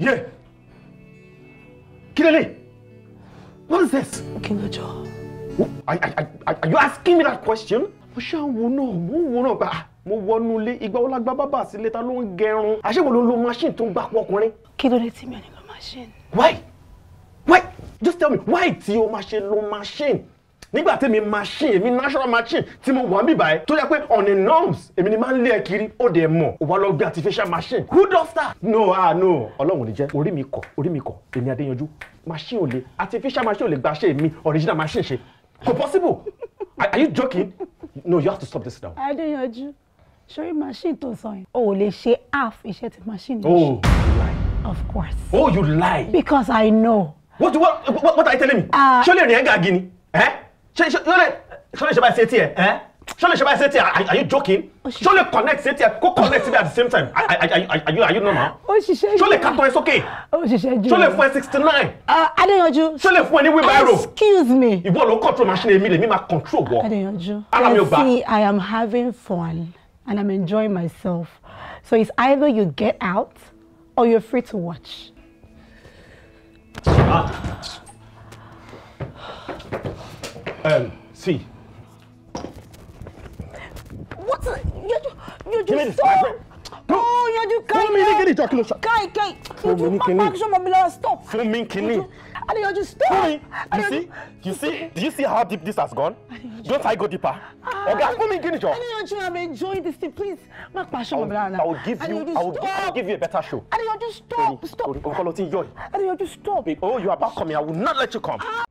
Yeah. Kilele, what is this? Kinajo. Are, are, you asking me that question? Mo ṣe àwọn náà, mo wọ náà gbà. Ah, mo wọnú ilé, ìgbà wo la gba bàbá sílé ta ló ń gẹrun. Àṣẹ́wò ló lo machine tó ń gbà pọ̀ ọkùnrin. mi ò ní machine? Why? Why? Just tell me, why tí o machine ṣe lo machine? nígbà tí mi machine èmi natural machine tí mo wà ń bìbà ẹ tó yẹ pé on the norms èmi ni máa ń lé ẹ kiri ó dẹ̀ mọ̀ ó lọ gbé artificial machine who does that. no ah no ọlọ́run ò ní jẹ́ orí mi kọ̀ orí mi kọ̀ èmi adéyanjú machine ò lè artificial machine ò lè gba ṣe mi original machine ṣe kò possible are you joking no you have to stop this now. adéyanjú sori machine tó sọ yẹn o ò lè ṣe half iṣẹ́ tí machine lè oh, ṣe. oh you lie. of course. oh you lie. because i know. what what what, are you telling me. Ah. ṣé o lè rìn ẹ́ gàgì Eh? ṣó lè ṣó lè ṣe báyìí ṣe here? ẹ́ ṣó lè ṣe báyìí ṣe tiẹ̀ are you joking ṣó lè connect ṣe here, go connect síbi at the same time are you are you normal ṣó lè kàtọ́ ẹ sókè ṣó lè fún ẹ sixty nine Adéyanjú ṣó lè fún ẹ ní wheelbarrow excuse me ìwọ ló control machine èmi lèmi máa control wọ Adéyanjú ara mi ò see I am having fun and I'm enjoying myself so it's either you get out or you're free to watch. Ah. Um, see. What? You you oh, just stop. No, you kai. Fún mi ní kíni ìjọ kí ló ṣe. Kai kai. Fún stop. Fún mi ní kíni. Adé yanjú stop. Fún mi. You see you see do you see how deep this has gone? Don't I go deeper? Okay, come in, ní kíni jọ. Adé yanjú I'm enjoying this thing please. Má Passion, mọ̀ mi I will give you I will I will give you a better show. Adé you stop stop. Òkọ́ ló ti yọ yìí. Adé stop. Oh you are about coming I will not let you come. Ah.